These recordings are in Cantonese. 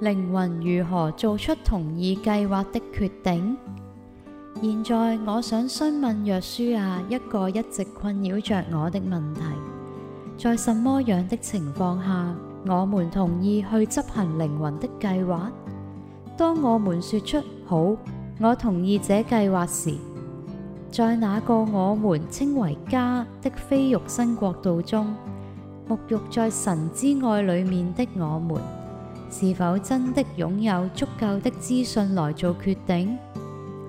靈魂如何做出同意計劃的決定？現在我想詢問約書亞、啊、一個一直困擾着我的問題：在什麼樣的情況下，我們同意去執行靈魂的計劃？當我們說出“好，我同意這計劃”時，在那個我們稱為家的非肉身國度中，沐浴在神之愛裏面的我們。是否真的擁有足夠的資訊來做決定？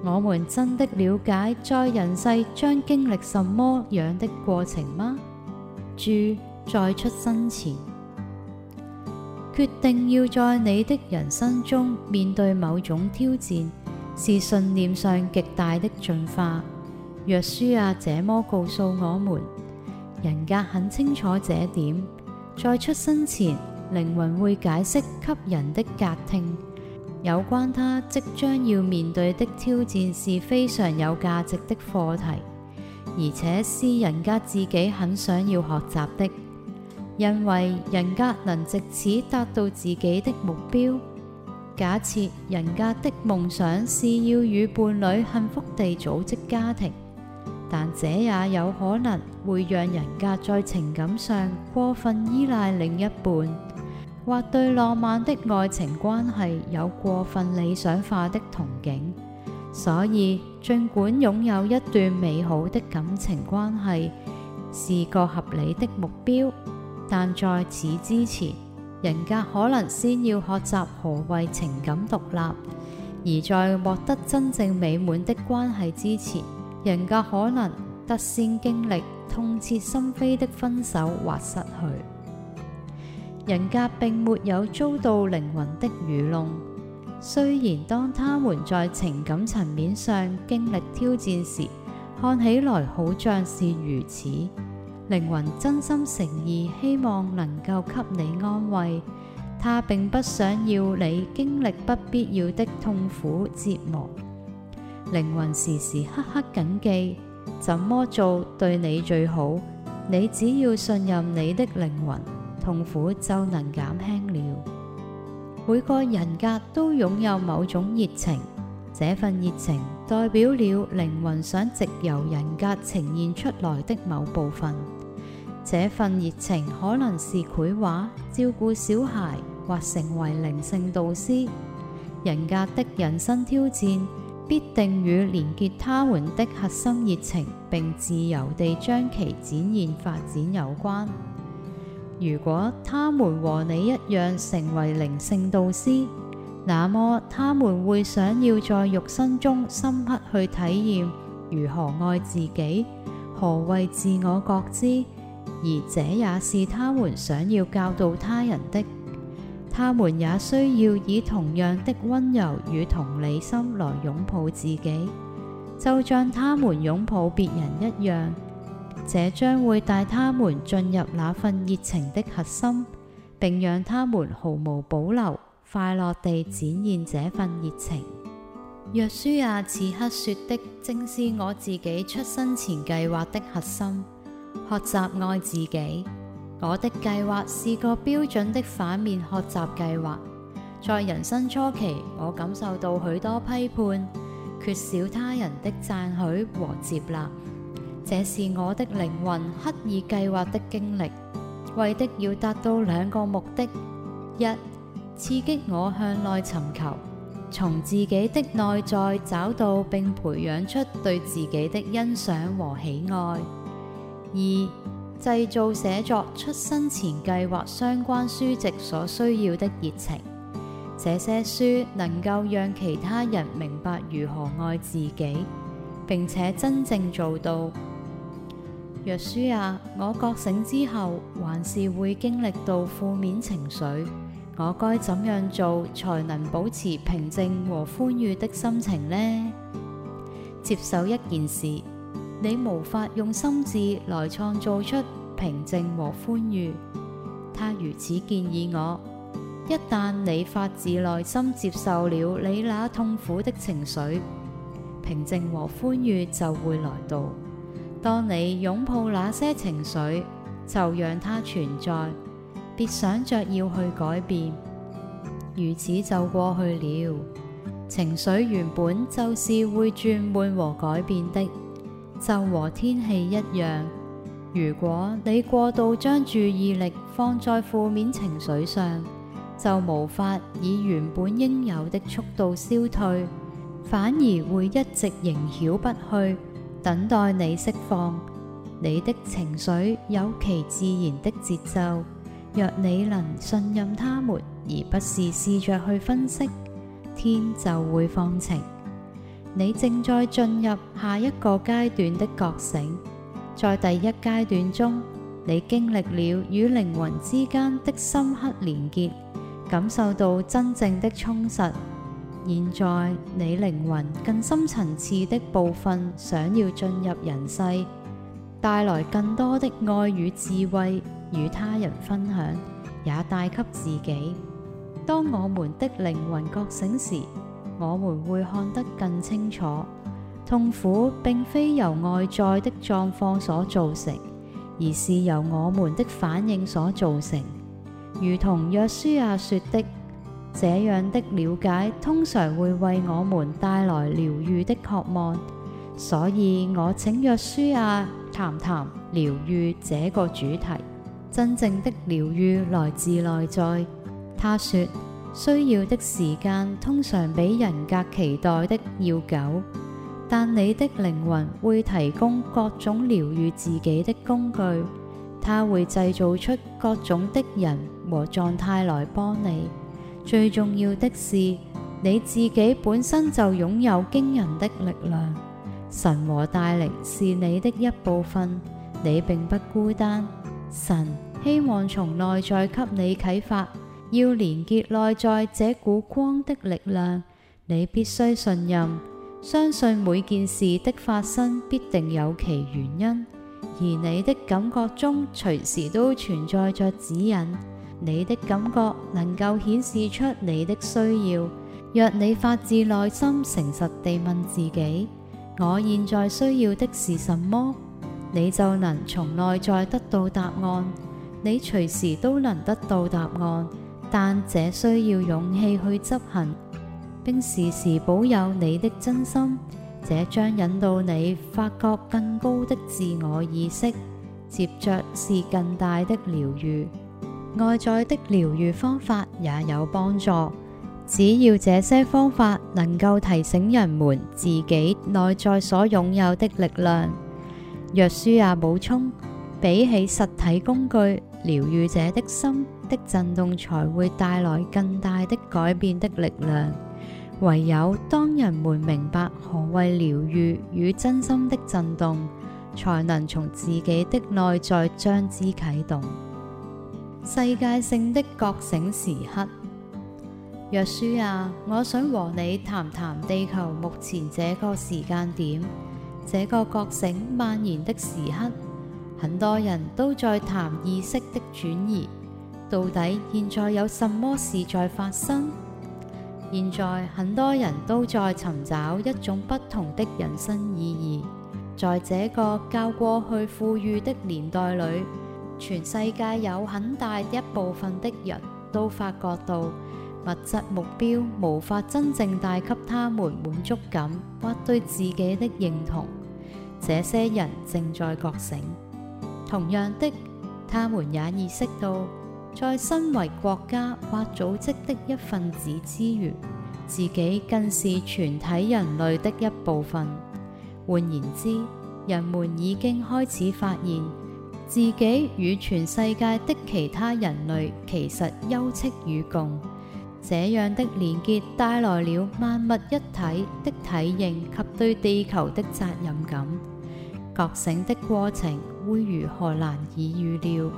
我們真的了解在人世將經歷什麼樣的過程嗎？注在出生前，決定要在你的人生中面對某種挑戰，是信念上極大的進化。若書亞這麼告訴我們，人格很清楚這點。在出生前。靈魂會解釋給人格聽，有關他即將要面對的挑戰是非常有價值的課題，而且是人格自己很想要學習的，因為人格能借此達到自己的目標。假設人格的夢想是要與伴侶幸福地組織家庭，但這也有可能會讓人格在情感上過分依賴另一半。或對浪漫的愛情關係有過分理想化的憧憬，所以儘管擁有一段美好的感情關係是個合理的目標，但在此之前，人格可能先要學習何謂情感獨立；而在獲得真正美滿的關係之前，人格可能得先經歷痛徹心扉的分手或失去。人格並沒有遭到靈魂的愚弄，雖然當他們在情感層面上經歷挑戰時，看起來好像是如此。靈魂真心誠意，希望能夠給你安慰，他並不想要你經歷不必要的痛苦折磨。靈魂時時刻刻謹記怎麼做對你最好，你只要信任你的靈魂。痛苦就能減輕了。每個人格都擁有某種熱情，這份熱情代表了靈魂想藉由人格呈現出來的某部分。這份熱情可能是繪畫、照顧小孩或成為靈性導師。人格的人生挑戰必定與連結他們的核心熱情並自由地將其展現發展有關。如果他們和你一樣成為靈性導師，那麼他們會想要在肉身中深刻去體驗如何愛自己，何謂自我覺知，而這也是他們想要教導他人的。他們也需要以同樣的溫柔與同理心來擁抱自己，就像他們擁抱別人一樣。這將會帶他們進入那份熱情的核心，並讓他們毫無保留、快樂地展現這份熱情。約書亞此刻說的，正是我自己出生前計劃的核心：學習愛自己。我的計劃是個標準的反面學習計劃。在人生初期，我感受到許多批判，缺少他人的讚許和接納。這是我的靈魂刻意計劃的經歷，為的要達到兩個目的：一、刺激我向內尋求，從自己的內在找到並培養出對自己的欣賞和喜愛；二、製造寫作出生前計劃相關書籍所需要的熱情。這些書能夠讓其他人明白如何愛自己，並且真正做到。若書啊，我覺醒之後還是會經歷到負面情緒，我該怎樣做才能保持平靜和歡愉的心情呢？接受一件事，你無法用心智來創造出平靜和歡愉，他如此建議我。一旦你發自內心接受了你那痛苦的情緒，平靜和歡愉就會來到。當你擁抱那些情緒，就讓它存在，別想着要去改變。如此就過去了。情緒原本就是會轉換和改變的，就和天氣一樣。如果你過度將注意力放在負面情緒上，就無法以原本應有的速度消退，反而會一直縈繞不去。等待你釋放你的情緒，有其自然的節奏。若你能信任他們，而不是試着去分析，天就會放晴。你正在進入下一個階段的覺醒。在第一階段中，你經歷了與靈魂之間的深刻連結，感受到真正的充實。現在，你靈魂更深層次的部分想要進入人世，帶來更多的愛與智慧，與他人分享，也帶給自己。當我們的靈魂覺醒時，我們會看得更清楚。痛苦並非由外在的狀況所造成，而是由我們的反應所造成，如同約書亞說的。這樣的了解通常會為我們帶來療癒的渴望，所以我請約書亞、啊、談談療，療癒這個主題，真正的療癒來自內在。他說需要的時間通常比人格期待的要久，但你的靈魂會提供各種療癒自己的工具，它會製造出各種的人和狀態來幫你。最重要的是，你自己本身就擁有驚人的力量。神和大力是你的一部分，你並不孤單，神希望從內在給你啟發，要連結內在這股光的力量。你必須信任，相信每件事的發生必定有其原因，而你的感覺中隨時都存在着指引。你的感覺能夠顯示出你的需要。若你發自內心誠實地問自己，我現在需要的是什麼，你就能從內在得到答案。你隨時都能得到答案，但這需要勇氣去執行，並時時保有你的真心。這將引到你發覺更高的自我意識，接着是更大的療癒。外在的療癒方法也有幫助，只要這些方法能夠提醒人們自己內在所擁有的力量。約書亞補充，比起實體工具，療癒者的心的震動才會帶來更大的改變的力量。唯有當人們明白何謂療癒與真心的震動，才能從自己的內在將之啟動。世界性的覺醒時刻，若書啊，我想和你談談地球目前這個時間點，這個覺醒蔓延的時刻，很多人都在談意識的轉移。到底現在有什麼事在發生？現在很多人都在尋找一種不同的人生意義，在這個較過去富裕的年代裏。全世界有很大一部分的人都發覺到物質目標無法真正帶給他們滿足感或對自己的認同。這些人正在覺醒。同樣的，他們也意識到，在身為國家或組織的一份子之餘，自己更是全體人類的一部分。換言之，人們已經開始發現，自己與全世界的其他人類其實休戚與共，這樣的連結帶來了萬物一體的體認及對地球的責任感。覺醒的過程會如何難以預料？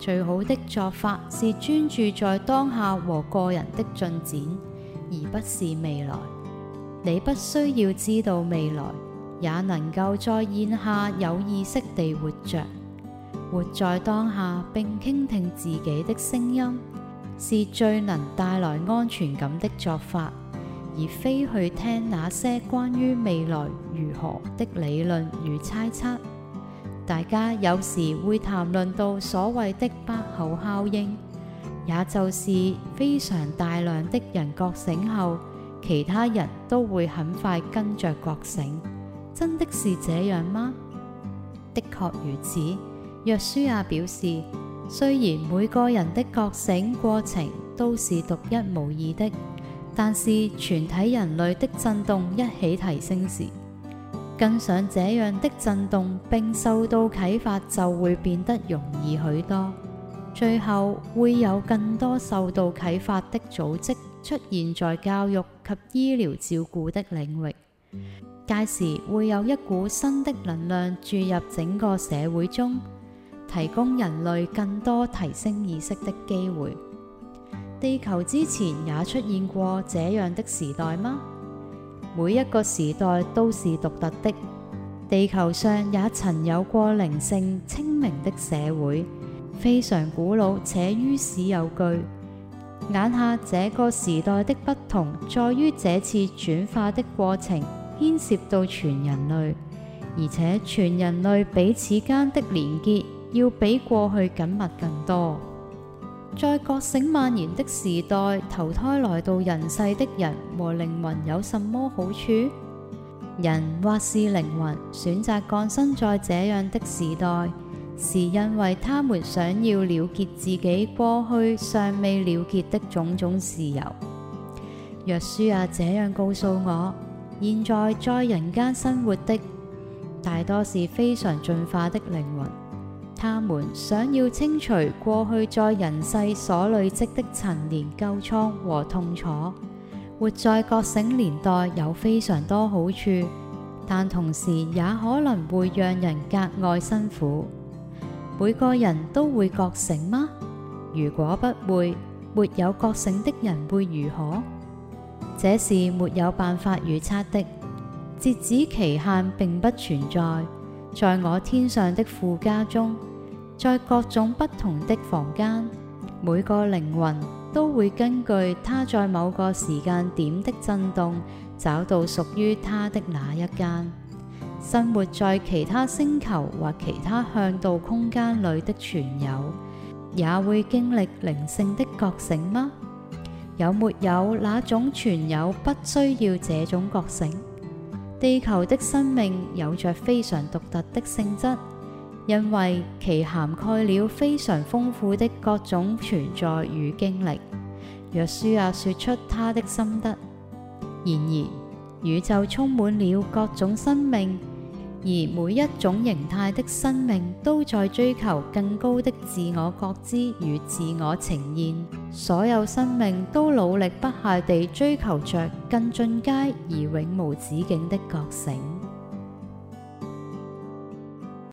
最好的做法是專注在當下和個人的進展，而不是未來。你不需要知道未來，也能夠在現下有意識地活着。活在當下，並傾聽自己的聲音，是最能帶來安全感的做法，而非去聽那些關於未來如何的理論與猜測。大家有時會談論到所謂的“百猴效應”，也就是非常大量的人覺醒後，其他人都會很快跟着覺醒。真的是這樣嗎？的確如此。約書亞表示，雖然每個人的覺醒過程都是獨一無二的，但是全體人類的震動一起提升時，跟上這樣的震動並受到啟發，就會變得容易許多。最後會有更多受到啟發的組織出現在教育及醫療照顧的領域，屆時會有一股新的能量注入整個社會中。提供人類更多提升意識的機會。地球之前也出現過這樣的時代嗎？每一個時代都是獨特的。地球上也曾有過靈性清明的社會，非常古老且於史有據。眼下這個時代的不同，在於這次轉化的過程牽涉到全人類，而且全人類彼此間的連結。要比過去緊密更多，在覺醒蔓延的時代投胎來到人世的人和靈魂有什麼好處？人或是靈魂選擇降生在這樣的時代，是因為他們想要了結自己過去尚未了結的種種事由。若書亞、啊、這樣告訴我，現在在人間生活的大多是非常進化的靈魂。他們想要清除過去在人世所累積的陳年舊瘡和痛楚。活在覺醒年代有非常多好處，但同時也可能會讓人格外辛苦。每個人都會覺醒嗎？如果不會，沒有覺醒的人會如何？這是沒有辦法預測的。截止期限並不存在，在我天上的父家中。在各種不同的房間，每個靈魂都會根據它在某個時間點的震動，找到屬於它的那一間。生活在其他星球或其他向度空間裏的存有，也會經歷靈性的覺醒嗎？有沒有那種存有不需要這種覺醒？地球的生命有着非常獨特的性質。因為其涵蓋了非常豐富的各種存在與經歷。若書亞說出他的心得，然而宇宙充滿了各種生命，而每一種形態的生命都在追求更高的自我覺知與自我呈現。所有生命都努力不懈地追求着更進階而永無止境的覺醒。